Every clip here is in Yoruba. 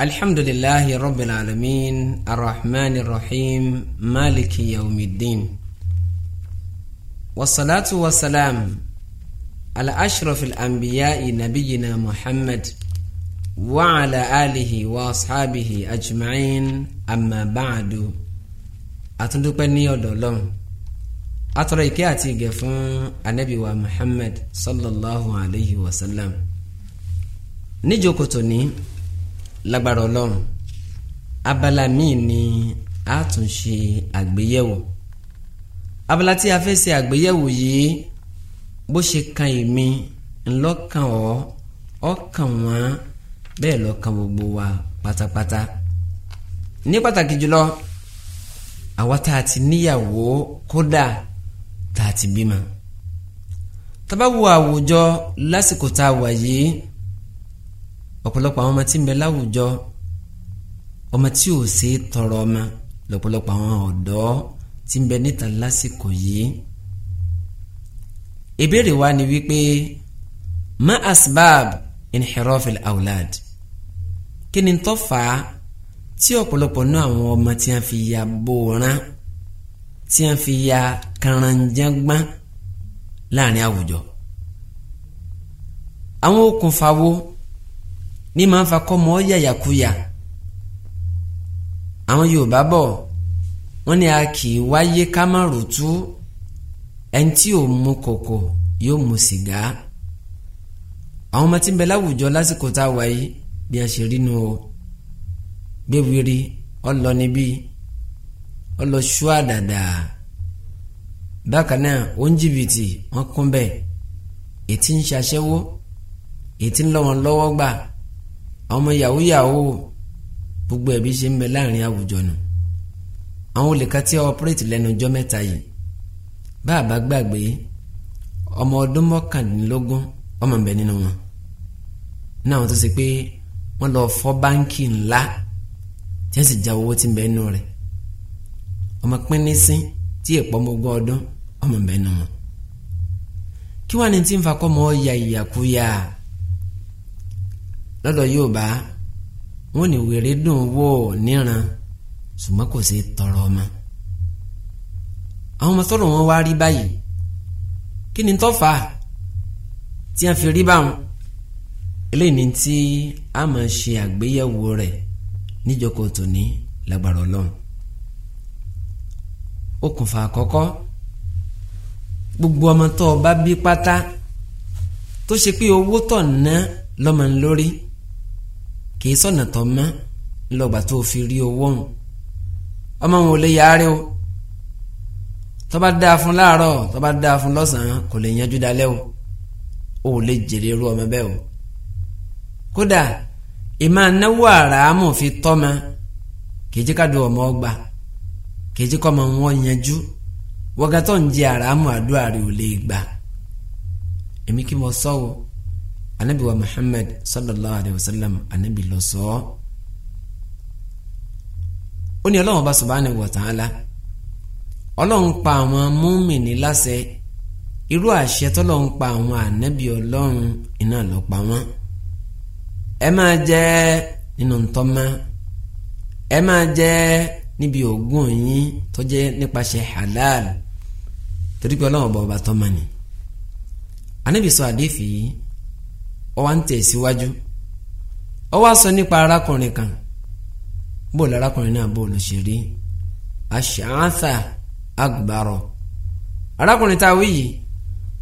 الحمد لله رب العالمين الرحمن الرحيم مالك يوم الدين والصلاة والسلام على أشرف الأنبياء نبينا محمد وعلى آله وأصحابه أجمعين أما بعد أتندقني أدولون أتريكي أتيجي النبي محمد صلى الله عليه وسلم نجوكتني lágbára ọlọ́run abala míì ni a tún ṣe àgbéyẹ̀wò abala tí a fẹ́ ṣe àgbéyẹ̀wò yìí bó ṣe kan èmi ńlọ́kàn ọ́ ọkàn wọn bẹ́ẹ̀ lọ́kàn gbogbo wa pátápátá ní pàtàkì jùlọ àwa tá a ti níyàwó kódà tá a ti bímọ tá àwùjọ lásìkò tá a wà yìí ọ̀pọ̀lọpọ̀ àwọn ọmọ tí ń bẹ láwùjọ ọmọ tí ò ṣe é tọrọ ọmọ lọ́pọ̀lọpọ̀ àwọn ọ̀dọ́ tí ń bẹ níta lásìkò yìí. ìbéèrè wa ni wípé ma asbab inhirafil aulad, kí ni tó fà á tí ọ̀pọ̀lọpọ̀ náà àwọn ọmọ tí a fi ya bóoran tí a fi ya karanjangbá láàrin àwùjọ àwọn okùnfà wo ní máa ń fa kọ́mọ yàyàkuyà àwọn Yorùbá bọ̀ wọ́n ní a kì í wáyé ká má ròtú ẹni tí ò mu kòkò yóò mu sìgá àwọn ọmọ tí ń bẹ láwùjọ lásìkò tá a wà yìí bí a ṣe rí nu o gbéwìrì ọlọ níbí ọlọ ṣúà dáadáa bákan náà ó ń jìbìtì wọn kún bẹ́ẹ̀ ètí ń ṣaṣẹ́wó ètí ń lọ wọn lọ́wọ́ gbà àwọn ọmọ yahoo yahoo gbogbo ẹbí ṣe ń bẹ láàrin àwùjọ nù àwọn olè kan tí a ọpẹrẹtì lẹ́nu ọjọ́ mẹ́ta yìí bá a bá gbàgbé ọmọ ọdún mọ́kàndínlógún ọmọ ń bẹ nínú wọn náà wọn tó ṣe pé wọn lọ fọ́ báńkì ńlá tí wọn sì já owó tí ń bẹ nínú rẹ̀ ọmọ pínínsín tí èèpọ̀ mọ ọdún ọmọ ń nínú wọn kí wọn ní tí ń fa kọ́ mọ́ ọ ya ìyàkúyà. Ya lọ́dọ̀ Yorùbá wọ́n ní wèrè dùn wò níran ṣùgbọ́n kò sí tọrọ ọmọ àwọn ọmọ sọ̀rọ̀ wọn wá rí báyìí kí ni tó fà á tí a fi rí báwọn eléyìí ni tí a máa ṣe àgbéyẹ̀wò rẹ̀ níjókòó tòní lágbára Ọlọ́run okùnfà àkọ́kọ́ gbogbo ọmọ tó o bá bí pátá tó ṣe pé owó tọ̀ ná lọ́mọ lórí kì í sọ̀nà tọ́ mọ́ ńlọgbà tó fi rí owó òun ọmọ òun ò lè yáre o tó bá dáa fún láàárọ̀ tó bá dáa fún lọ́sàn-án kò lè yanjú dalẹ́ o ò lè jèrè irú ọmọ bẹ́ẹ̀ o kódà ìmọ̀ anáwó àràámù fi tọ́mọ kì í ọmọ ọgbà kì kọ́mọ wọn yanjú wọ́gá tó ń jẹ àràámù àdúrà rẹ̀ ò lè gbà èmi kí mo sọ o. So anabi wa muhammad sallallahu alaihi wa sallam anabi ló sọ ọ́ ó ní ọlọ́run bá subhanahu wa ta'ala ọlọ́run pa àwọn múmìnì láṣẹ irú àṣẹ tọ́lọ́run pa àwọn ànábì ọlọ́run iná ló pa wọ́n ẹ máa jẹ nínú ntọ́mọ ẹ máa jẹ níbi ògùn yín tó jẹ́ halal torí pé ọlọ́run bá ọba tọ́ mọ́ ni ànábì sọ àdéfì yìí ó wá ń tẹ̀síwájú ó wá sọ nípa arákùnrin kan bó larákùnrin náà bó ló ṣe rí aṣááńsà agbárọ arákùnrin tá a wí yìí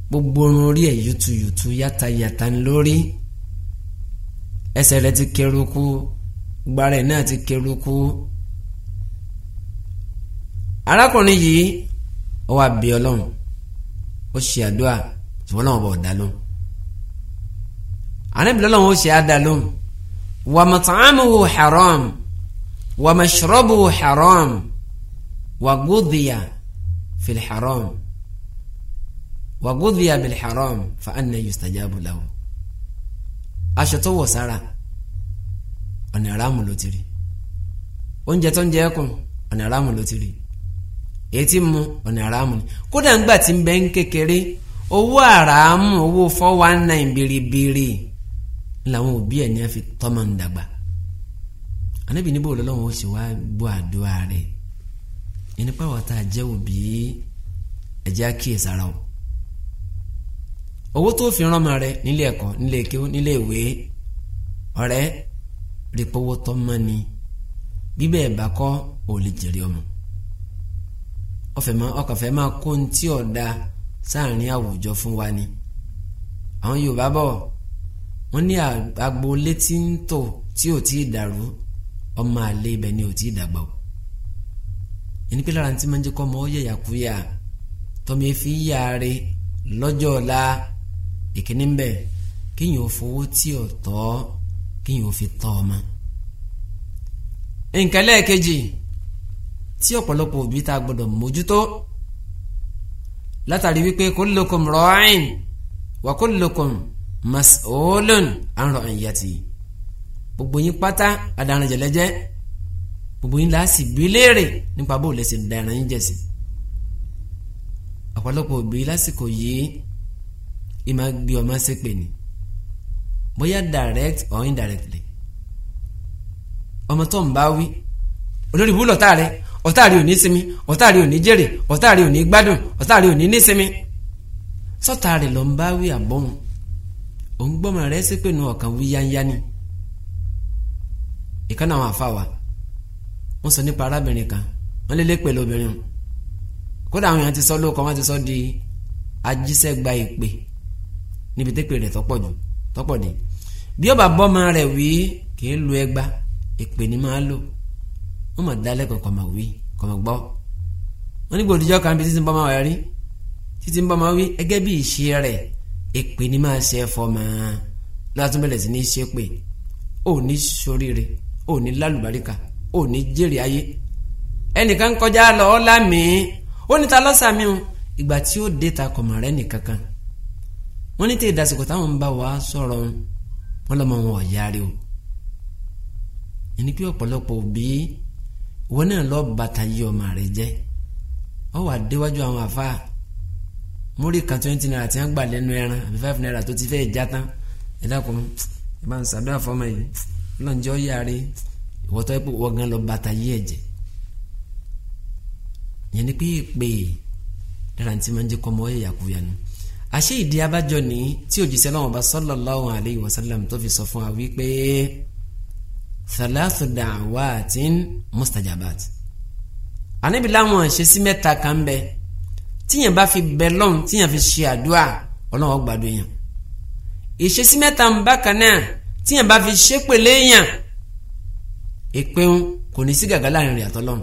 gbogbo orun orí ẹ̀ yutuyutu yátayàtà ń lórí ẹsẹ̀ rẹ̀ ti kéruku gbàrẹ̀ náà ti kéruku arákùnrin yìí ó wá bí Ọlọ́run ó ṣe àdúrà ṣùgbọ́n náà bọ̀ ọ̀dá lóhùn anábìlọ́lọ́wọ́ ó ṣe àdá lóhùn wà mọ̀tàmùhù haram wà mọ̀ṣọ́rọ́bùhù haram wà gúdìyà fìlì haram wà gúdìyà bìlì haram fa anna yustajabu lahu aṣọ tó wọ̀ sára ọ̀nà ìráàmù ló ti rí oúnjẹ tó ń jẹ ẹkùn ọ̀nà ìráàmù ló ti rí etí mu ọ̀nà àràmù ni kódà ńgbà tí ń bẹ ń kékeré owó àràmù owó four one nine biribiri làwọn òbí ẹ̀ ní a fi tọ́mọ ń dàgbà anábì níbo lọ́lọ́wọ́ sì wá gbọ́ àdúrà rẹ̀ ìnípa wọ́n tá a jẹ́ òbí ẹ̀jẹ̀ àkíyèsára o owó tó fi rán ọmọ rẹ nílé ẹ̀kọ́ nílé kéwú nílé ìwé ọ̀rẹ́ rí pé owó ni bíbẹ̀ ẹ̀bà kọ́ ò lè jèrè ọmọ ọfẹ́ máa máa kó ohun tí ọ̀dà sáàrin àwùjọ fún wa ni àwọn Yorùbá bọ̀ wọ́n ní agboolé tí ń tò tí ò tí ì dàrú ọmọ àlè ibẹ̀ ni ò tí ì dàgbà o ẹni pé lára tí máa ń jẹ́ kọ́ ọmọ ó yẹ̀yàkúyà tọ́mi fi yà á rí lọ́jọ́ ọ̀la ìkíní ń bẹ̀ kéèyàn ò fowó tí ò tọ́ kéèyàn ò fi tọ́ ọmọ. nǹkan lẹ́ẹ̀kejì tí ọ̀pọ̀lọpọ̀ òbí tá gbọ́dọ̀ mójútó látàrí wípé kullukum ra'in wa kullukum mas'ulun an ra'iyati gbogbo yín pátá adarun jẹlẹjẹ gbogbo yín láàsì bí léèrè nípa bó lè ṣe dàrán yín jẹsìn ọ̀pọ̀lọpọ̀ òbí lásìkò yìí ìmọ̀ gbé ọmọ ṣépè bóyá direct or indirectly ọmọ tó ń bá wí olórí ìwúlò ọ̀tá rẹ ọ̀tá rẹ ò ní sinmi ọ̀tá rẹ ò ní jèrè ọ̀tá rẹ ò ní gbádùn ọ̀tá rẹ ò ní nísinmi sọ́tà bá wí àbọ̀hún o ń gbọ́mọ rẹ ṣépè nu ọ̀kan wí yányá ni ìkànnì àwọn àfa wa wọ́n sọ nípa arábìnrin kan wọn lé lé pẹ̀lú obìnrin o kódà àwọn ti sọ lóko ti sọ di ajísẹ́gba ìpè níbi tẹ́pẹ̀ rẹ̀ tọ́pọ̀ jù tọ́pọ̀ dé bí ọba bọ́mọ rẹ̀ wí kì í lu ẹgba ìpè ni máa lò wọ́n mọ̀ dálẹ́ kọ̀ọ̀kan wí ní kan bí títí èpè ni máa ṣe ẹ̀fọ́ máa látún bẹ̀rẹ̀ sí ní ṣe pé ò ní soríire ò ní lálùbáríkà ò ní jèrè ayé ẹnìkan kọjá lọ ọ́ lámìí ó níta lọ́sàmì o ìgbà tí ó dé ta kọ̀mọ̀ rẹ̀ nìkankan wọ́n ní tí ìdásíkò táwọn ń bá wa sọ̀rọ̀ wọn lọ́mọ wọn ọ̀yáre o ẹni pé ọ̀pọ̀lọpọ̀ òbí wọn náà lọ́ọ́ bàtà yí ọmọ rẹ̀ jẹ́ ọ wà déwájú àwọn àfáà múrí kan twenty naira tí wọ́n gbà lẹ́nu ẹran àbí five naira tó ti fẹ́ já tán ẹ dákun ẹ bá ń ṣàdúrà fọmọ yìí lọ́njẹ́ ọ yáre ìwọ́tọ́ ẹ pé wọ́n gan lọ bàtà yí ẹ̀jẹ̀ yẹn ni pé pé dára ní ti máa ń jẹ́ kọ́mọ ẹ̀yà kúyanu àṣé ìdí abájọ ni tí òjíṣẹ́ náà ọba sallallahu alayhi wa sallam tó fi sọ fún wa wípé thalathu da'awatin mustajabat ànábìláwọn ṣe sí mẹ́ta kan bẹ́ẹ̀ tíyàn bá fi bẹ lọ́hùn tíyàn fi ṣe àdúrà ọlọ́run gbàdúrà yàn ìṣesí mẹ́ta ń bákan náà tíyàn bá fi ṣépèlé yàn ìpéhùn kò ní sí gàgà láàrin rẹ̀ àtọ́lọ́run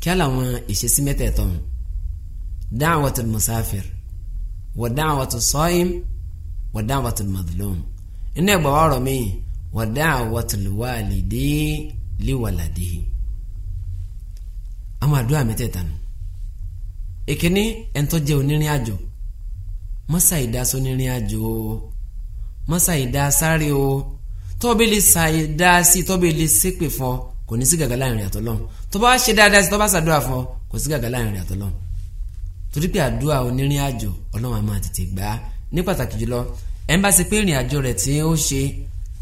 kí á làwọn ìṣesí mẹ́tẹ̀ẹ̀tọ̀ hàn da'watul musafir wa da'watus sa'im wa da'watul madlum iná ẹgbàá ọ̀rọ̀ mi wa da'watul walidi liwaladihi àwọn àdúrà mẹ́tẹ̀ẹ̀ta nù èkíní ẹ̀ńtọ́ jẹ́ onírin àjò mọ́sá ìdá sónírin àjò o mọ́sá ìdá sáré o tọ́bí lè sa ìdá sí tọ́bí lè ṣépè fún ọ kò ní sí gàgà láàrin àtọ́lọ́hún tó bá ṣe dáadáa sí tó bá ṣàdúrà fún ọ kò sí gàgà láàrin àtọ́lọ́hún torí pé àdúrà onírin àjò ọlọ́run á tètè gbà ní pàtàkì jùlọ ẹ̀ bá ṣe pé ìrìn àjò rẹ̀ tí ó ṣe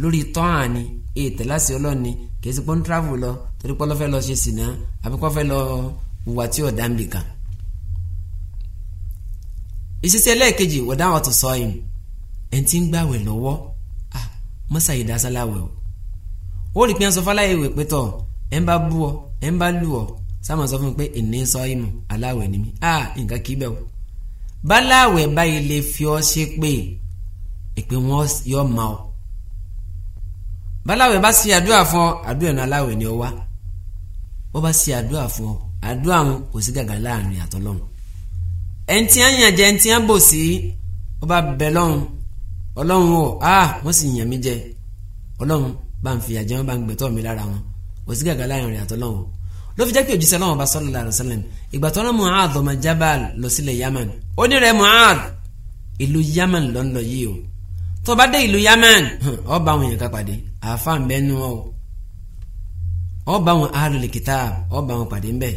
lórí tọ́hàn ni ètè láti ọlọ́ni kì í ṣe pọ́n travel lọ torí pé wọ́n fẹ́ lọ ṣe sìnà àbí wọ́n fẹ́ lọ wùwà tí ọ̀dà ń bì kan. ìṣiṣẹ́ ẹlẹ́ẹ̀kejì wọ̀dà àwọn tó sọ yìí ẹ̀ ń tí ń gbàwẹ̀ lọ́wọ́ à mọ́sá yìí dáṣáláwẹ̀ o ó rí i pé wọ́n sọ fáláyé ìwé pé tọ̀ ẹ̀ ń bá bú ọ ẹ̀ ń bá lù ọ sáwọn sọ fún mi pé ìní sọ yìí mu aláwẹ̀ ni mi à nǹkan kì í bẹ̀ o báláwẹ̀ báyìí lè fi ọ ṣe pé ìpè wọn yọ ma ọ báláwẹ̀ bá ṣe àdúrà fún ọ àdúrà náà aláwẹ̀ ni ọ wá wọ́n bá ṣe àdúrà fún ọ àdúrà wọn kò sí gàgà láàrin àtọ́lọ́hún ẹ̀ǹtí àyàn jẹ́ ẹ̀ǹtí àbò sí wọ́n bá bẹ lọ́hún ọlọ́hún ọ̀ á ah, wọ́n sì yàn mí jẹ ọlọ́hún bá ń fìyà jẹ wọ́n bá ń gbẹ̀tọ́ mi lára wọn kò sí gàgà láàrin àtọ́lọ́hún ló fi jẹ́ pé òjíṣẹ́ lọ́wọ́ bá sallallahu alaihi wasallam ìgbà tó rán Mu'adh ọmọ Jabal lọ sílẹ̀ Yaman ó ní rẹ̀ Mu'adh ìlú Yaman lọ́nlọ́ yìí o tó bá dé ìlú Yaman ó bá àwọn èèyàn ká pàdé àáfàá ń bẹ́ẹ̀ nù ọ́ ó bá wọn ahlul kitab ó bá wọn pàdé ńbẹ̀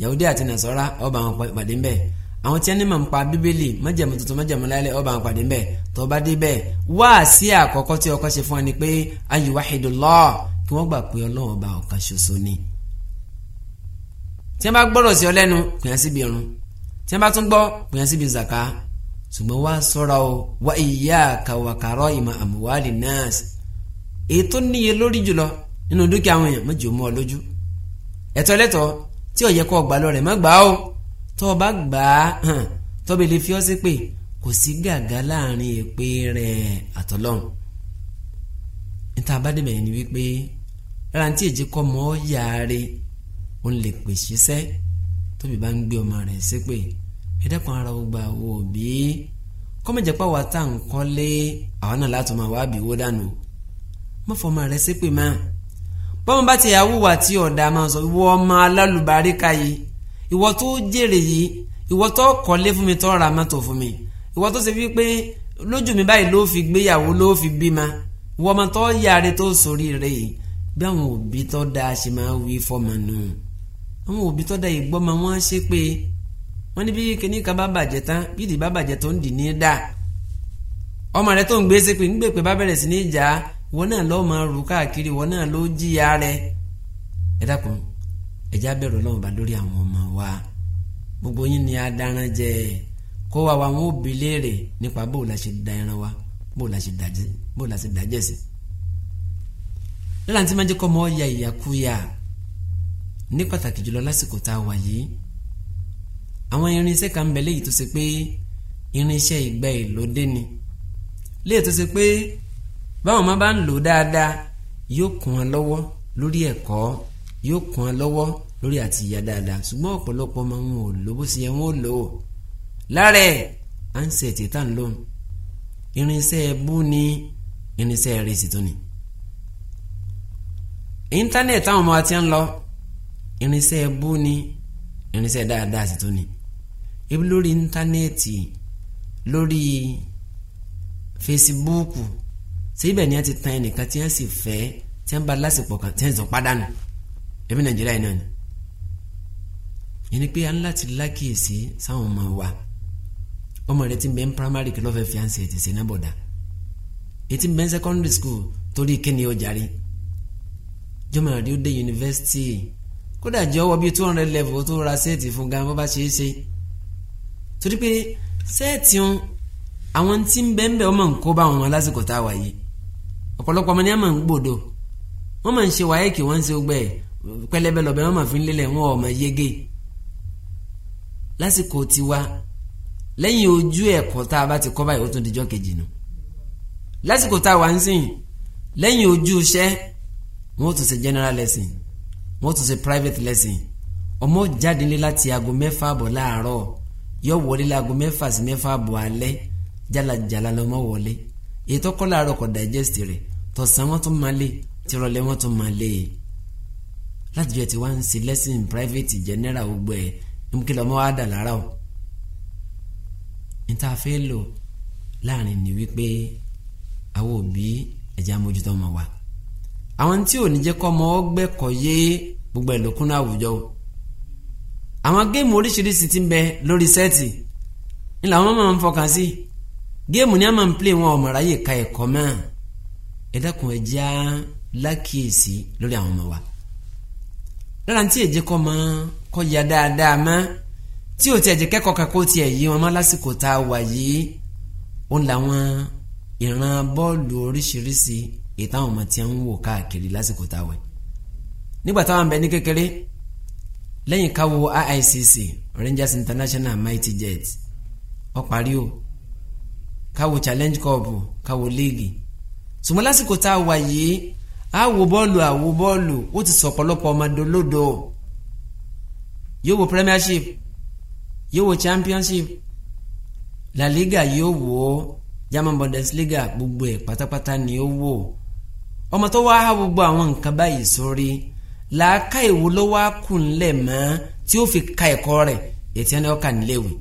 yahudi àti nasara ó bá wọn pàdé ńbẹ̀ àwọn tí wọn ní mọ̀ nípa bíbélì májẹ̀mú tuntun májẹ̀mú láìlẹ̀ ó bá wọn pàdé ńbẹ̀ tó bá dé bẹ́ẹ̀ wáàsí àkọ́kọ́ tí ọkọ ṣe fún wa ni pé ayuwahidullah kí wọ́n gbà pé Ọlọ́run ọba ọ̀kan ṣoṣo ni tí wọn bá gbọ́dọ̀ sí ọ lẹ́nu pè síbi irun tí wọn bá tún gbọ́ pè síbi zaka ṣùgbọ́n wá sọ́ra o wá iyyaka wa karaima amwali nas èyí tó níye lórí jùlọ nínú dúkìá àwọn èèyàn méjì ó mú ọ lójú ẹ̀tọ́ lẹ́tọ́ tí ó yẹ kó gbà lọ rẹ̀ má gbà ó tó o bá gbà á hàn tọ́bi lè fi ọ́ sí pé kò sí gàgà láàrin èpè rẹ̀ àtọ́lọ́hún níta abádébẹ̀ yẹn ni wípé rárá tí èjì kọ́ mọ́ yáre òun lè pèsè sẹ́ tóbi bá ń gbé ọmọ rẹ̀ sí pé ẹ̀dẹ́kun ara ó gba owó kọ́mẹ̀jẹ̀ pa wà tá ń kọ́lé àwọn náà láti máa wá bìwó dànù mọ́fọ́mọ́ rẹ̀ sí pé máa bọ́n bá ti yàwó wà tí ọ̀dà máa sọ ìwọ ọmọ alálùbáríkà yìí ìwọ tó jèrè yìí ìwọ tó kọ́lé fún mi tó ra mọ́tò fún mi ìwọ tó ṣe wípé lójú mi báyìí ló fi gbéyàwó ló fi bímọ ìwọ ọmọ tó yáre tó sórí rẹ yìí bí àwọn òbí tó da ṣe máa wí fọmọ nù àwọn òbí tó da ìgbọ́ ma wọ́n ṣe pé wọ́n ní bí kíní kan bá bàjẹ́ tán bí ìdí bá bàjẹ́ tó ń dì ní dà ọmọ rẹ tó ń gbé ṣépè ń gbèpè bá bẹ̀rẹ̀ sí ní ìjà wọn náà lọ́ọ́ máa rù káàkiri wọn náà ló jìyà rẹ̀ ẹ dákun ẹ̀já bẹ̀rù ọlọ́run bá lórí àwọn ọmọ wa gbogbo yín ni adarán jẹ kó wa wa wọn ò bi léèrè nípa bó la ṣe da ẹran wa bó la ṣe dàjẹ la ṣe dàjẹ sí. lọ́la tí máa jẹ́ kọ́ ọmọ ya ìyàkúyà ní pàtàkì jùlọ lásìkò tá a wà yìí àwọn irinṣẹ́ kan ń bẹ léyìí tó ṣe pé irinṣẹ́ ìgbà èlòdé ni léyìí tó ṣe pé báwọn ọmọ bá ń lò dáadáa yóò kún wọn lọ́wọ́ lórí ẹ̀kọ́ yóò kún wọn lọ́wọ́ lórí àti ìyá dáadáa ṣùgbọ́n ọ̀pọ̀lọpọ̀ ọmọ wọn ò lò bó ṣe yẹ wọn lò ó lára à ń ṣe títà ń lóhùn irinṣẹ́ bú ni irinṣẹ́ rẹ̀ sì tún ni. íńtánẹ̀tì táwọn ọmọ wa ti ń lọ irinṣẹ́ bú ni irinṣẹ́ dáadáa sì tún ni ibi lórí íńtánẹ̀tì lórí fesibúùkù síbẹ̀ ni wọ́n ti tan ẹnìkan tí wọ́n sì fẹ́ tí wọ́n bá lásìkò kan tí wọ́n sọ pádànù ẹbí nàìjíríà yìí náà ni yẹn ni pé a ń láti lákìyèsí sáwọn ọmọ wa ọmọ rẹ ti ń primary kí ló fẹ́ fi àǹsì ẹ̀tì sí nábọ̀dà ètí ń bẹ ń secondary school torí kíni ó jarí jọmọ àdé ó dé yunifásitì kódà jẹ́ ọwọ́ bíi two hundred level tó ra sẹ́ẹ̀tì fún gan bó bá ṣe é ṣe torí pé sẹ́ẹ̀tì ń àwọn tí ń bẹ ń bẹ ọmọ nǹkó bá wọn lásìkò tá a wà yìí ọ̀pọ̀lọpọ̀ ọmọ ní àmà ń gbòdo wọ́n máa ń ṣe wáyéèkì wọ́n ń ṣe gbẹ́ pẹlẹbẹ lọ́bẹ̀ wọ́n máa fi ń lélẹ̀ wọ́n ọmọ yege lásìkò tiwa lẹ́yìn ojú ẹ̀kọ́ tá a bá ti kọ́ báyìí ó tún dijọ́ kejì nù lásìkò tá a wà ń sìn lẹ́yìn ojú iṣẹ́ wọ́n tún ṣe general lesson wọ́n tún ṣe private lesson ọmọ jáde nílé láti aago mẹ́fà àbọ̀ láàárọ̀ yọ wọlé láago mẹ́fà sí mẹ́fà àbọ̀ alẹ́ jálajàla lọ́mọ wọlé èyí tó kọ́ láàárọ̀ kò digest rẹ̀ tọ̀sán wọ́n tún máa lé tìrọ̀lẹ́ wọ́n tún máa lé e láti jẹ́ ti wá ń ṣe lesson private general gbogbo ẹ̀ ń kí lọ́mọ́ wá dà lára o níta fẹ́ lò láàrin ni wípé àwọn òbí ẹ̀jẹ̀ amójútó ọmọ wa àwọn tí ò ní jẹ́ kọ́ ọmọ ọgbẹ́ kọ́ yé gbogbo ẹ̀ lókun náà àwùjọ o àwọn géèmù oríṣiríṣi ti ń bẹ lórí sẹ́ẹ̀tì ńlá wọn máa ń fọkàn sí i géèmù ni a máa ń plé wọn ọmọ ráyè ka ẹ̀kọ́ mọ́ ẹ dákun lákìyèsí lórí àwọn ọmọ wa lára tí èjì kọ́ mọ́ kọ́ ya dáadáa mọ́ tí ò tí ẹ̀jẹ̀ kẹ́kọ̀ọ́ kan kó tiẹ̀ yí wọn mọ́ lásìkò tá a wà yìí ó làwọn ìran bọ́ọ̀lù oríṣiríṣi ìtàwọn ọmọ tí ń wò káàkiri lásìkò tá a wẹ̀ nígbà táwọn ń bẹ ní kékeré lẹ́yìn káwo IICC Rangers International Mighty Jets ó parí o ká challenge cup ká wo league ṣùgbọ́n lásìkò tá a wà yìí a wo bọ́ọ̀lù a wo bọ́ọ̀lù ó ti sọ ọ̀pọ̀lọpọ̀ ọmọdé lódò yóò wo premiership yóò wo championship la liga yóò wo German Bundesliga gbogbo ẹ̀ pátápátá ni ó wò ọmọ tó wá há gbogbo àwọn nǹkan báyìí sórí làákà ìwo ló wá kù ńlẹ̀ mọ́ tí ó fi ka ẹ̀kọ́ rẹ̀ ètí ẹni ọkà níléèwé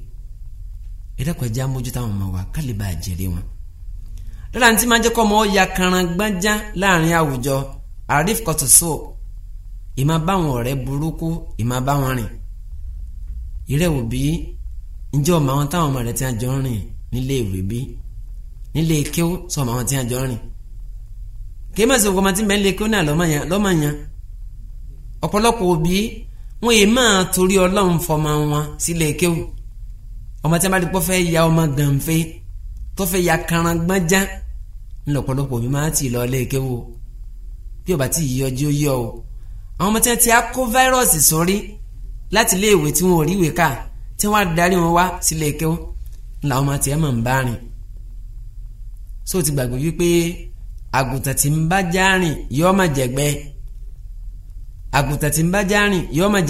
ẹ dákun ẹ àwọn ọmọ wa ká bá a jèrè wọn. lọ́la ní máa jẹ́ ya kanran gbájá láàrin àwùjọ arif ìmá báwọn ọ̀rẹ́ burúkú ìmá báwọn rìn. ìrẹ́ òbí ǹjẹ́ ọmọ àwọn táwọn ọmọ rẹ̀ ti àjọ ń rìn nílé ìwé bí nílé sọ ọmọ àwọn ti àjọ ń rìn. náà ọ̀pọ̀lọpọ̀ òbí wọn ọmọ tí a bá ti pọ́ fẹ́ ya ọmọ gànfẹ́ tó fẹ́ ya karangbọ́njá ńlọpọ̀lọpọ̀ mi máa ti lọ lẹ́ẹ̀kẹ́ wo bí ọba tí yíyọ jí ó yọ o àwọn ọmọ tí wọn ti á kó fáírọ́ọ̀sì sórí láti ilé ìwé tí wọn ò rí ìwé kà tí wọn á darí wọn wá sílé ẹ̀kẹ́ wo làwọn ọmọ tí ẹ máa ń bá rìn so ti gbàgbé wípé àgùntàn tí ń bá já rìn yóò máa àgùntàn tí ń bá já rìn yóò máa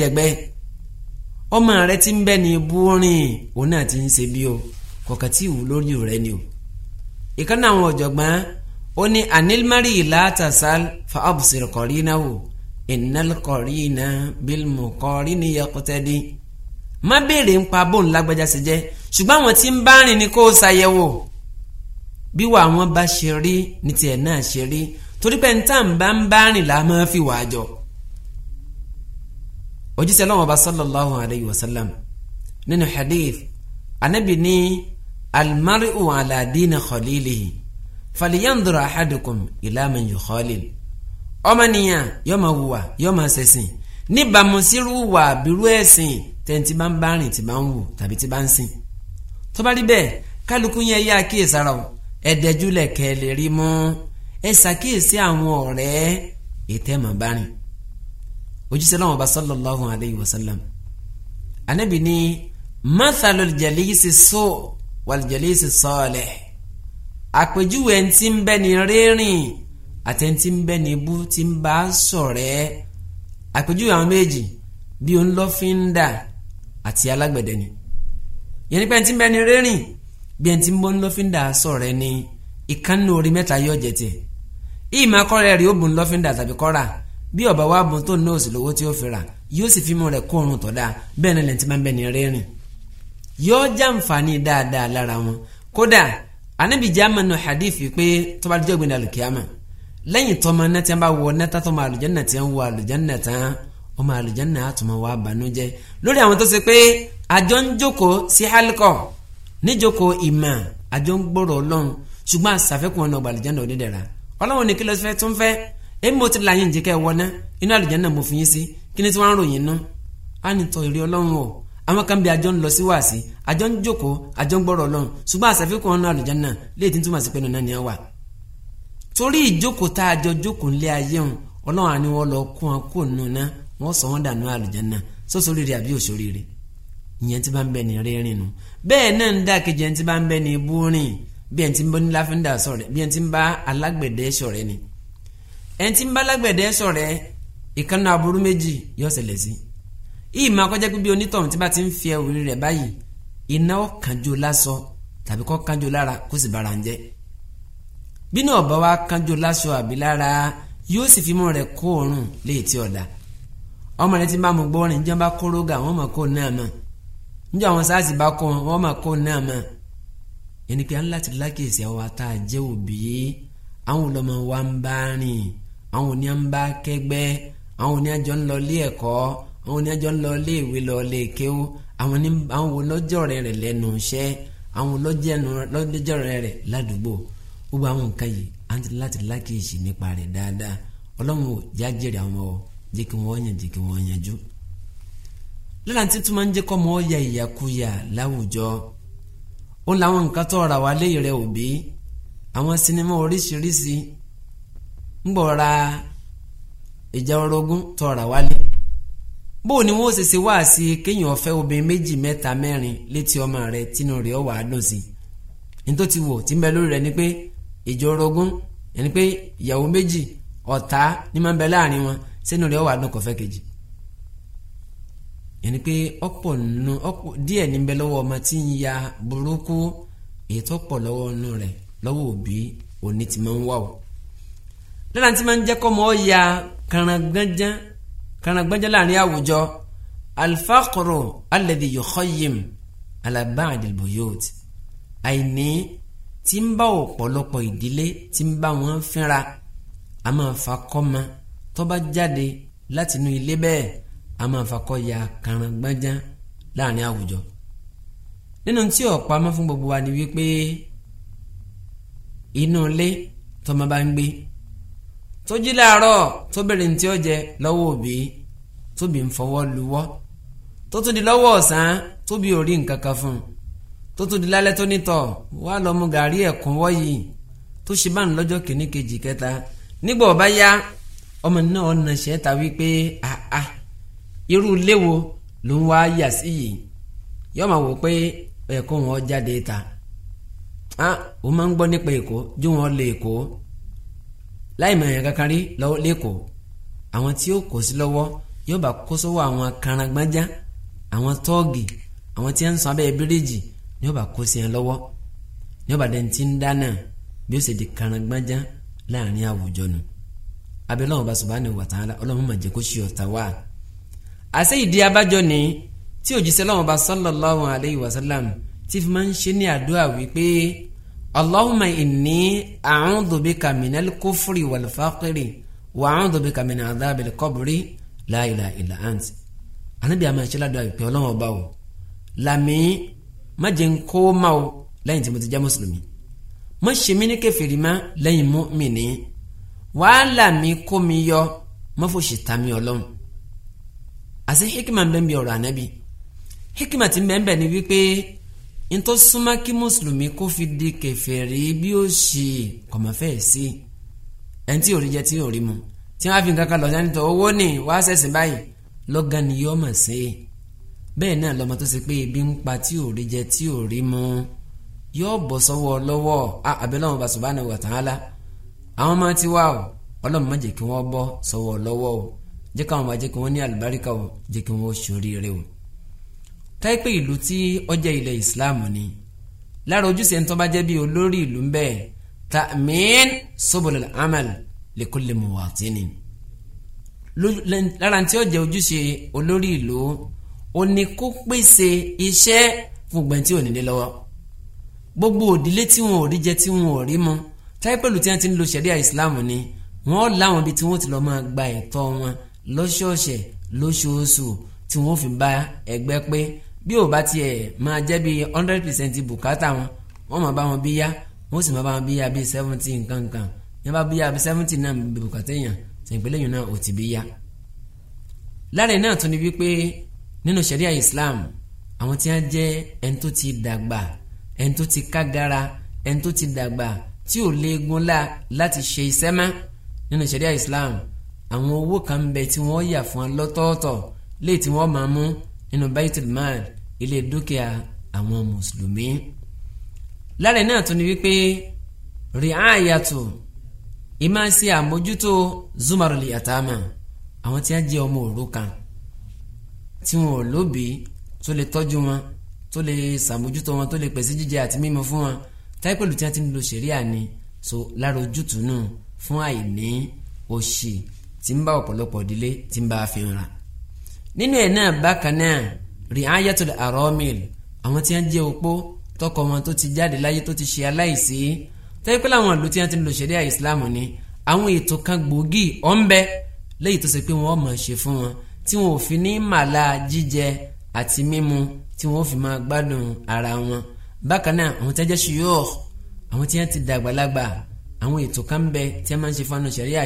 ọmọ rẹ ti ń bẹ ní búrin òun náà ti ń ṣe bí o kọ̀ọ̀kan tí ìwú lórí rẹ ni o ìkànnì àwọn ọ̀jọ̀gbọ́n ó ní anilmari látàsal fa abusir kọ̀rínà wò ìnal kọ̀rínà bílmù kọ̀rínì yẹkọtẹ́dì má béèrè ń pa bóun lágbájá ṣe jẹ́ ṣùgbọ́n àwọn tí ń bá rìn ni kó o ṣàyẹ̀wò bí wà wọn bá ṣe rí ní tiẹ̀ náà ṣe rí torí pé ń bá ń bá rìn là máa fi wà jọ òjíṣẹ́ náà wọ́n bá sallallahu alayhi wa sallam nínú hadith anabi ní almari'u ala dini khalilihi falyanzur ahadukum ila man yukhalil ọmọnìyàn yóò máa wùwà yóò máa ṣẹ̀sìn níbàámu sírú wà bírú ẹ̀sìn tẹ̀ǹtì bá ń bá rìn tí bá ń wù tàbí tí bá ń sìn tó bẹ́ẹ̀ kálukú yẹn yá kíyèsára o ẹ̀ẹ́dẹ́jú lẹ̀kẹ́ mọ́ ẹ ṣàkíyèsí àwọn ọ̀rẹ́ ètẹ́mọ̀ bá rìn ojúṣe lọ́wọ́ bá sallallahu alayhi wa sallam anabi ni mathalul jalisi so wal jalisi salih àpèjúwe ntí ń bẹ ní rírìn àti ntí ń bẹ ní ibú tí ń bá ṣọ̀rẹ́ àpèjúwe àwọn méjì bí o ń lọ fi ń dà àti alágbẹ̀dẹ ni yẹn nípa ntí ń bẹ ní rírìn bí ntí ń bọ́ ń lọ fi ń dà ṣọ̀rẹ́ ni ìkànnì orí mẹ́ta yóò jẹ ìmọ̀ akọ́rẹ́ rẹ̀ ó bùn lọ́fíńdà tàbí kọ́ra bí ọba wa bùn tó ní òsì lówó tí ó fi rà yóò sì fi mú rẹ̀ kóòrùn tọ́ dáa bẹ́ẹ̀ ni lẹ́ntì máa ń bẹ ní rẹ́rìn yóò jàǹfààní dáadáa lára wọn kódà Ànábì jámanu hadith pé tó bá dijọ́ gbin alùkìyàmà lẹ́yìn tọ́mọ náà tí wọ́n bá wọ náà tọ́mọ àlùjánnà tí wọ́n wọ àlùjánnà tán ọmọ àlùjánnà àtùmọ̀ wà bànújẹ́ lórí àwọn tó ṣe pé àjọ ń jókòó sí hálíkọ̀ níjókòó ìmọ̀ àjọ ń gbọ́rọ̀ ọlọ́run ṣùgbọ́n àṣàfẹ́kùn ọ̀nà ọgbà àlùjánnà òdìdẹ̀ra ọlọ́run ní kí ló tó ń fẹ́ èmi mo ti la yín jẹ́kẹ́ wọ́ná inú àlùjánnà mo fi yín sí kí ni tí wọ́n ń ròyìn ná á ní tọ èrè ọlọ́run o àwọn kan bí àjọ ń lọ sí àjọ ń jókòó àjọ ń gbọ́rọ̀ ọlọ́run ṣùgbọ́n àṣàfikún ọ̀nà àlùjánnà léè tí ń túmọ̀ sí pé nùnà ni wà. torí ìjókòó tá a jọ jókòó ńlẹ̀ ayé wọn ọlọ́run àni wọn lọ kó wọn kó nùnà wọn sọ wọn dànù àlùjánnà náà ń dá kejì ẹni bí ẹni ti ń bá alágbẹ̀dẹ ṣọ̀rẹ́ ni ẹni tí ń bá sọ̀rọ̀ sọ̀rẹ́ ìkànnà aburú méjì yóò ṣẹlẹ̀ sí o máa kọjá pé onítọ̀hún tí bá ti ń fi ẹwùrí rẹ̀ báyìí iná lásọ tàbí kọ́ kanjú lára kó sì bára ń jẹ́ bí náà wá kanjú lásọ àbí lára sì fi rẹ ti bá gbọ́ rìn kóróga mọ̀ kó náà mọ̀ níjọ́ àwọn sáàsì bá wọn mọ̀ kó náà mọ̀ lákèsí àwọn àwọn ni a ń bá kẹ́gbẹ́ àwọn ni a jọ ń lọ ilé ẹ̀kọ́ àwọn ni a jọ ń lọ ilé ìwé lọ ilé kéwú àwọn ni àwọn wo lọ́jọ́ rẹ̀ rẹ̀ lẹ́nu iṣẹ́ àwọn lọ́jọ́ rẹ̀ rẹ̀ ládùúgbò gbogbo àwọn nǹkan yìí á ti láti lákìyèsí nípa rẹ̀ dáadáa ọlọ́run ò jájèrè àwọn ọ̀ jẹ́ kí wọ́n yàn jẹ́ kí wọ́n yanjú. lára tí tó máa ń jẹ́ kọ́ ọmọ ọ̀yà ìyàkuyà láwùjọ ó láwọn nǹkan tó ra wá lé rẹ̀ òbí àwọn sinimá oríṣiríṣi ń bọ̀ ra ìjà orogún tọ̀ra wálé bó ni wọ́n ṣe ṣe wá sí kéèyàn ọ̀fẹ́ obìnrin méjì mẹ́ta mẹ́rin létí ọmọ rẹ̀ tínú rẹ̀ ọ̀wà dùn sí i nítorí ti wò tí ń bẹ lórí rẹ̀ ni pé ìjà orogún ẹni pé ìyàwó méjì ọ̀tá ni máa ń bẹ láàrin wọn sínú rẹ̀ ọ̀wà dùn kọ̀fẹ́ kejì ẹni pé ọ̀pọ̀ nù ọ̀pọ̀ díẹ̀ ní bẹ lọ́wọ́ ọmọ tí ń ya burúkú ètò ọ̀pọ̀ lọ́wọ́ nù rẹ̀ lọ́wọ́ òbí òní ti máa ń wà o lára tí máa ń jẹ́ kọ́ mọ́ ya kàràǹgbẹ́jẹ́ kàràǹgbẹ́jẹ́ láàrin àwùjọ alfaqru alladhi yukhayyim ala ba'dil buyut àìní tí ń bá ọ̀pọ̀lọpọ̀ ìdílé tí ń bá wọn fínra a máa fa kọ́mọ tó bá jáde látinú ilé bẹ́ẹ̀ a máa fa kọ́ ya kàràǹgbẹ́jẹ́ láàrin àwùjọ nínú tí ọ̀pá máa fún gbogbo wa ni wípé inú ilé tọ́mọ bá ń gbé tó jí láàárọ̀ tó béèrè ní tí ó jẹ lọ́wọ́ òbí tóbi ń fọwọ́ luwọ́ tó tún di lọ́wọ́ ọ̀sán tóbi ò rí nǹkan kan fún un tó tún di lálẹ́ tó nítọ̀ wá lọ mu gàrí ẹ̀kúnwọ́ yìí tó ṣe bá ń lọ́jọ́ kìíní kejì kẹta nígbà ọba yá ọmọ náà ọ̀nà ṣe ta wípé àá irú léwo ló ń wá yà sí yìí yóò máa wò pé ẹ̀kọ́ wọn jáde ta ah òun máa ń gbọ́ nípa èkó jú wọn lè èkó láì mọ èèyàn kankan rí lẹ́kọ̀ọ́ àwọn tí ó kó sí lọ́wọ́ yóò bá kó sọ́wọ́ àwọn karangbájá àwọn tọ́ọ̀gì àwọn tí ń sọ abẹ́ bíríìjì yóò bá kó sí yẹn lọ́wọ́ yóò bá dẹ́n ti ń dáná bí ó sì di karangbájá láàrin àwùjọ nù abẹ́lẹ́ ọba subhanahu wa ta'ala ọlọ́run máa jẹ́ kó ṣe ọ̀tá wá. àṣẹ ìdí abájọ ni tí òjíṣẹ́ lọ́wọ́ ọba sallallahu alayhi wa sallam ti fi máa ń ṣe ní àdúrà wípé allahumma inni a'udhu bika minal kufri wal faqri wa a'udhu bika min adhabil qabri la ilaha illa ant anabi àmà ìṣẹlẹ àdúrà ìpè Ọlọ́run ọba o làmì má jẹ́ nkó má o lẹ́yìn tí mo ti jẹ́ mùsùlùmí má ṣe mí ní kèfèrí má lẹ́yìn mùmínì wàhálà mi kó mi yọ má fòṣì ta mi Ọlọ́run àti hikima ń bẹ ń bí ọ̀rọ̀ ànábì hikima ti ń bẹ ń bẹ ni wípé ntọ́ súnmọ́ kí mùsùlùmí kó fi di kèfèrí bí ó ṣe kọ̀mọ́fẹ́ sí i ẹni tí òrí jẹ tí òrí mu tí wọ́n á fi nǹkan kan lọ sí ẹni tó owó ni wàá ṣẹ̀sìn báyìí lọ́gán ni yọ́ mọ̀ sí i bẹ́ẹ̀ náà lọ́mọ tó ṣe pé ebi ń pa tí òrí tí òrí mu yọ́ bọ̀ sọ́wọ́ lọ́wọ́ abẹ́lẹ́wọ̀n bá subhanahu wa ta'ala àwọn máa ti wá o ọlọ́run jẹ́ kí wọ́n bọ́ sọ́wọ́ lọ́wọ́ o jẹ́ káwọn máa jẹ́ kí wọ́n ní àlùbáríkà o jẹ́ kí wọ́n ṣoríire o táìpé ìlú tí ọjẹ́ ilẹ̀ Islam ni lára ojúṣe ẹni tó bá jẹ́ bí olórí ìlú ń bẹ́ẹ̀ ta'min subulul amal li kulli muwatinin lára tí ọjẹ́ ojúṣe olórí ìlú ó ní kó pèsè iṣẹ́ fún gbẹ̀ǹ tí ò nílé lọ́wọ́ gbogbo òdílé tí wọn ò rí jẹ tí wọn ò rí mu táìpẹ̀lú tí wọ́n ti ń lo ṣẹ̀ríà Islam ni wọ́n láwọn ibi tí wọ́n ti lọ́ọ́ máa gba ẹ̀tọ́ wọn lọ́sọ̀ọ̀sẹ̀ lóṣooṣù tí wọ́n fi bá ẹgbẹ́ pé bí ò bá tiẹ̀ máa jẹ́ bí hundred percent bùkátà wọn wọ́n máa bá wọn bí yá wọ́n sì máa bá wọn bí yá bí seventy nǹkan nǹkan yẹn bá bí yá bí seventy náà bùkátà èèyàn tẹ̀gbẹ́lẹ́ yìí náà ò ti bí yá. náà tún ni wípé nínú ṣẹ̀ríà Islam àwọn tí wọ́n jẹ́ ẹni tó ti dàgbà ẹni tó ti kágara ẹni tó ti dàgbà tí ò léegun la láti ṣe iṣẹ́ mọ́ nínú ṣẹ̀ríà Islam àwọn owó kan ń bẹ tí wọ́n yà fún ọ lọ́tọ̀ọ̀tọ̀ léè tí wọ́n máa mú nínú baitul mal ilé dúkìá àwọn mùsùlùmí lára náà tún ni wípé rìáyàtò ìmá àmójútó zumarul yatama àwọn tí a jẹ́ ọmọ òrukàn tí wọn ò lóbi tó lè tọ́jú wọn tó lè ṣàmójútó wọn tó lè pèsè jíjẹ àti mímu fún wọn táìpẹ̀lú tí a ti ń lo ṣẹ̀ríà ni so lára ojútùú náà fún àìní òṣì tí ń bá ọ̀pọ̀lọpọ̀ ìdílé tí ń bá a fi hàn. nínú ẹ̀ náà bákan náà riayatul aromil àwọn tí wọ́n jẹ́ opó tọkọ wọn tó ti jáde láyé tó ti ṣe aláìsí tẹ́lẹ̀ pé láwọn ìlú tí wọ́n ti ń lo ṣẹ̀ríà ìsìláàmù ni àwọn ètò kan gbòógì ọ̀nbẹ lẹ́yìn tó ṣe pé wọ́n máa ṣe fún wọn tí wọn ò fi ní màlá jíjẹ àti mímu tí wọn ò fi máa gbádùn ara wọn bákan náà àwọn tí wọ́n jẹ́ ṣùyọ́ àwọn tí wọ́n ti dàgbàlagbà àwọn ètò kan bẹ tí wọ́n máa ń ṣe fún àwọn ṣẹ̀ríà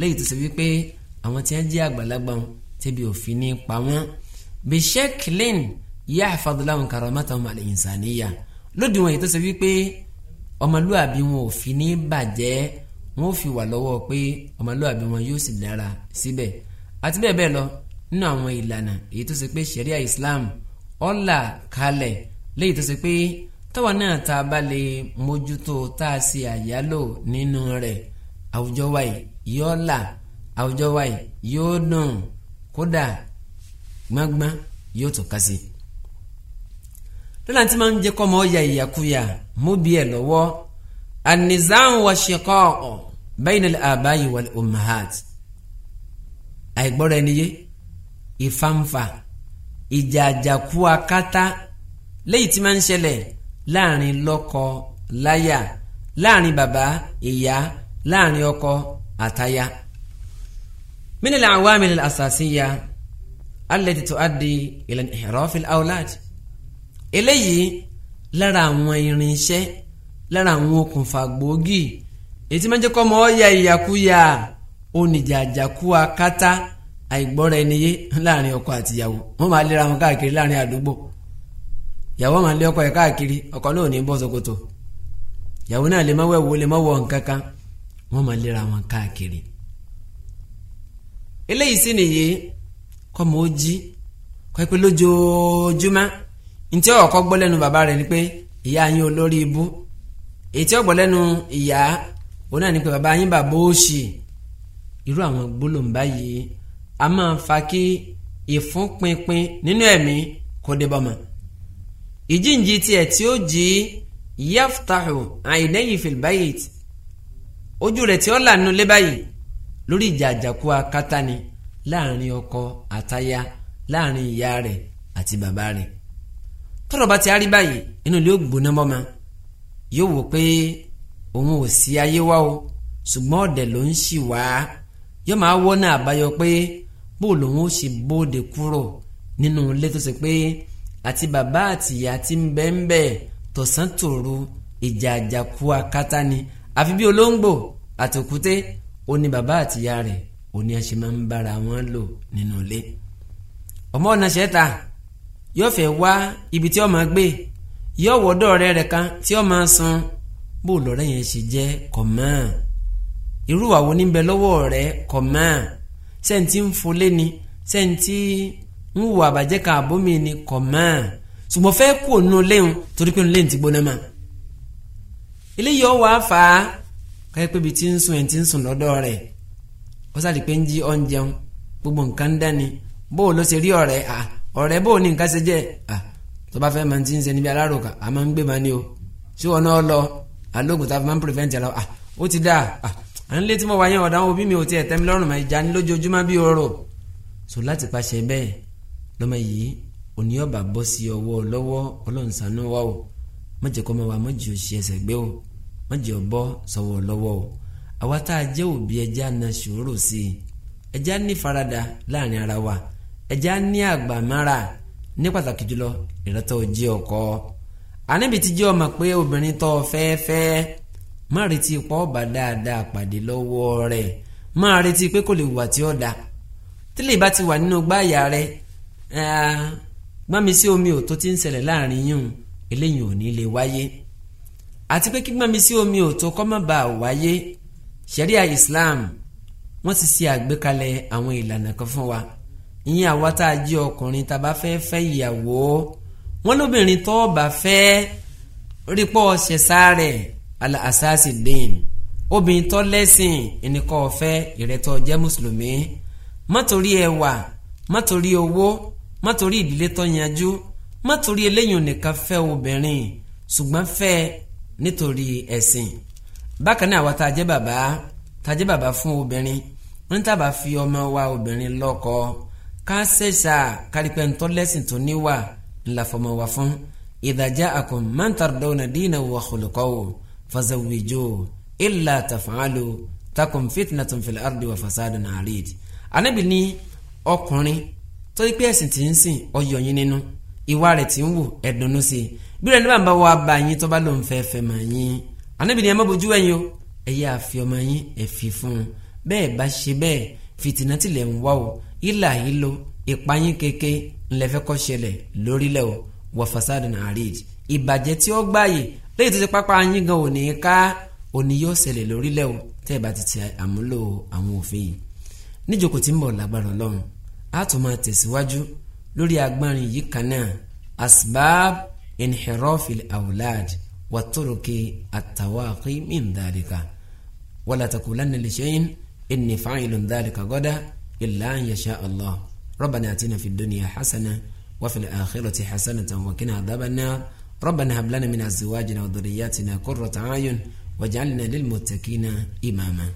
lẹ́yìn tó ṣe wípé àwọn tí wọ́n jẹ́ àgbàlagbà wọn tẹ́bi òfin ní pa wọ́n bisheklin yahfad lahum karamatahum al-insaniyya lódiwọ̀n yìí tó ṣe wípé ọmọlúwàbí wọn ò fi ní bàjẹ́ wọn ò fi wà lọ́wọ́ pé ọmọlúwàbí wọn yóò sì dára síbẹ̀ àti bẹ́ẹ̀ bẹ́ẹ̀ lọ nínú àwọn ìlànà èyí tó ṣe pé sharia islam ọ̀là kalẹ̀ léyìí tó ṣe pé tọ́wọ́ náà tá bá lè mójútó tá a ṣe àyálò nínú rẹ̀ àwùjọ wa yóò là àwùjọ wa yóò dùn kódà gbangban yóò tún ká sí. lọ́la tí máa ń jẹ́ kọ́ ọmọ ọ̀yà ìyàkuyà mú bí ẹ̀ lọ́wọ́ an-nizā'u wa shiqā'u bayna al-ābā'i wal-ummahāt àìgbọ́ra ẹni yé ìfàǹfà ìjà àjàkú akátá léyìí tí máa ń ṣẹlẹ̀ láàrin lọ́kọ láyà láàrin bàbá ìyá láàrin ọkọ àtaya. min al-awāmil al alẹ́tì tó adi ìlànà ìhẹ̀rọ́fìl aulad eléyìí lára àwọn irinṣẹ́ lára àwọn okùnfà gbòógì ètí máa ń jẹ́ kọ́ ọmọ ọ̀ya ìyàkúyà oníjàjàkú akátá àìgbọ́ra ẹniyé láàrin ọkọ àtìyàwó wọ́n máa lera wọn káàkiri láàrin àdúgbò ìyàwó máa lé ọkọ ẹ̀ káàkiri ọkọ náà ò ní bọ́ ṣòkòtò ìyàwó náà lè má wẹ̀ lè má wọ nǹkan kan máa lera wọn káàkiri eléyìí sì nìyí kọ́mọ ó jí kọ́ pé lójoojúmọ́ ntí ọ̀kọ́ gbọ́ lẹ́nu bàbá rẹ̀ ni pé ìyá yín olórí ibú ètí ọ̀gbọ́ lẹ́nu ìyá òun náà ni pé bàbá yín bàbá òṣì irú àwọn gbólóhùn báyìí a máa fa kí ìfúnpinpin nínú ẹ̀mí kò dé bọ́mọ̀ ìjíǹji tiẹ̀ tí ó jí yaftahu àìdẹ́yìn fìlbáyìí ojú rẹ̀ tí ó là nínú báyìí lórí ìjà àjàkú akátá ni láàrin ọkọ àtaya láàrin ìyá rẹ̀ àti bàbá rẹ̀ tọ́rọ̀ bá ti á rí báyìí inú ilé ògbóná mọ́ma yóò wò pé òun ò sí ayé wá o ṣùgbọ́n ọ̀dẹ̀ ló ń ṣì wá yóò máa wọ́ náà àbáyọ pé bó lòun ó ṣe bóde kúrò nínú ilé tó ṣe pé àti bàbá àti ìyá ti ń bẹ́ẹ̀ ń bẹ́ẹ̀ tọ̀sán tòru ìjà àjàkú akátá ni àfi bí olóńgbò àtòkúté ó ní bàbá àtìyá rẹ̀ òní ẹsẹ máa ń bára wọn lò nínú ilé ọmọ ọ̀nà ṣẹ́ta yóò fẹ́ wá ibi tí ó máa gbé yóò wọ́dọ̀ ọ̀rẹ́ rẹ̀ kan tí ó máa san bó lọ́rẹ́ yẹn ṣe jẹ́ kọ̀mọ́ irú àwo níbẹ̀ lọ́wọ́ rẹ̀ kọ̀mọ́ sẹ́ǹtì ń folé ni sẹ́ǹtì ń wò àbàjẹ́ ká àbómi ni kọ̀mọ́ ṣùgbọ́n fẹ́ kú òun léhùn torí pé òun léhùn ti gbóná mọ́ eléyìí ọ̀wọ́ àfà káyọ̀ pé ibi tí ń sùn ẹ̀ ti ń sùn lọ́dọ̀ rẹ̀ ó sáré pé ń jí oúnjẹun gbogbo nǹkan ń dání bó o ló ṣe rí ọ̀rẹ́ à ọ̀rẹ́ bó o ní nǹkan ṣe jẹ́ à tó bá fẹ́ máa ti ń ṣe níbi alárùkà a máa ń gbé ma ní o ṣé wọn náà lọ alóògùn tá a fi máa ń prevent ẹ̀rọ à ó ti dáa à à ń létí mọ̀ wáyé ọ̀dà àwọn òbí mi ò tiẹ̀ tẹ́mi lọ́rùn máa ìjà lójoojúmọ́ bí oró so láti pàṣẹ bẹ́ẹ̀ lọ́mọ yìí òní ọba bọ́ sí ọwọ́ lọ́wọ́ ọlọ́nsánú wa o má jẹ́ kó máa wà má o má ọbọ̀ sọ̀wọ́ lọ́wọ́ o àwa tá a jẹ́ òbí ẹja na sùúrù sí i ẹja ní faradà láàrin ara wa ẹja ní àgbàmára ní pàtàkì jùlọ ìrètò ojí ọkọ àníbi ti jẹ́ ọmọ pé obìnrin tó fẹ́ẹ́fẹ́ má retí pọ́ ọba dáadáa pàdé lọ́wọ́ rẹ̀ má retí pé kò lè wà tí ó da tílé bá ti wà nínú gbáàyà rẹ̀ gbọ́nmi sí omi ò tó ti ń ṣẹlẹ̀ láàrin yín eléyìí ò ní lè wáyé àti pé kí gbọ́nmi sí omi ò tó kọ́ mọ́ bá a wáyé sharia islam wọ́n sì ṣe àgbékalẹ̀ àwọn ìlànà kan fún wa ìyẹn àwa tá a jẹ́ ọkùnrin tá a bá fẹ́ fẹ́ ìyàwó wọ́n lóbìnrin tó bá fẹ́ rípọ̀ ṣẹ̀ṣá rẹ̀ ala asasi din obìnrin tó lẹ́sìn ẹnìkan ọ̀fẹ́ ìrẹ́tọ̀ jẹ́ mùsùlùmí má ẹwà má owó má ìdílé tó yanjú má torí eléyìí nìkan fẹ́ obìnrin ṣùgbọ́n fẹ́ nítorí ẹ̀sìn bákan náà àwa tàjẹ́ bàbá tàjẹ́ bàbá fún obìnrin wọn ní tàbá fi ọmọ wa obìnrin lọ́kọ ká ṣẹ̀ṣà kárípẹ́ ńtọ́ lẹ́sìn tó níwà ńlá fọmọ wa fún ìdájá àkùn man tardawna dinahu wa khuluqahu fazawwijuhu illa taf'alu takùn fitnatun fil ardi wa fasadun arid anábì ní ọkùnrin tó yí pé ẹ̀sìn tí ń sìn ọyọ yín nínú ìwà rẹ̀ tí ń wù ẹ̀dùnnú sí i bí rẹ̀ ní bàbá wa bá yín tó bá lóun fẹ́ fẹ́ mọ̀ yín anábìíní ẹ má bójú ẹ̀yin o ẹ yá àfi ọmọ yín ẹ fi fún un bẹ́ẹ̀ bá ṣe bẹ́ẹ̀ fìtìnà tilẹ̀ ń wá o ìlà ìlò ìpayín keke ńlẹ́fẹ́ kó ṣẹlẹ̀ lórílẹ̀ o wọ fasadun arid ìbàjẹ́ tí ó gbáyè lẹ́yìn tó ti pápá yín gan òní ká òní yóò ṣẹlẹ̀ lórílẹ̀ o tẹ́ ẹ bá ti ti àmúlò àwọn òfin yìí níjókòó tí ń bọ̀ lágbára ọlọ́run á tún máa tẹ̀síwájú lórí agbárin yìí kan náà asbab inhirofil awlad wàtúrùkì àtàwáàkì mìndàlíkà wàlàtàkùlánà lè ṣẹ́yìn ẹnì fáìlùn dàlíkà gọ́dá ìlà ànyàṣà allah rọ́bànà àti nàfi dúnìyà hasana wàfẹ̀lẹ̀ àkérọ̀tì hasana tàn wàkínà àdábànà rọ́bànà hablánà mìnà àzíwájìnà ọ̀dọ̀dẹ̀yàtìnà kúrọ̀tà ayọ̀n wàjálìnà lílmọ̀tàkínà ìmàmà.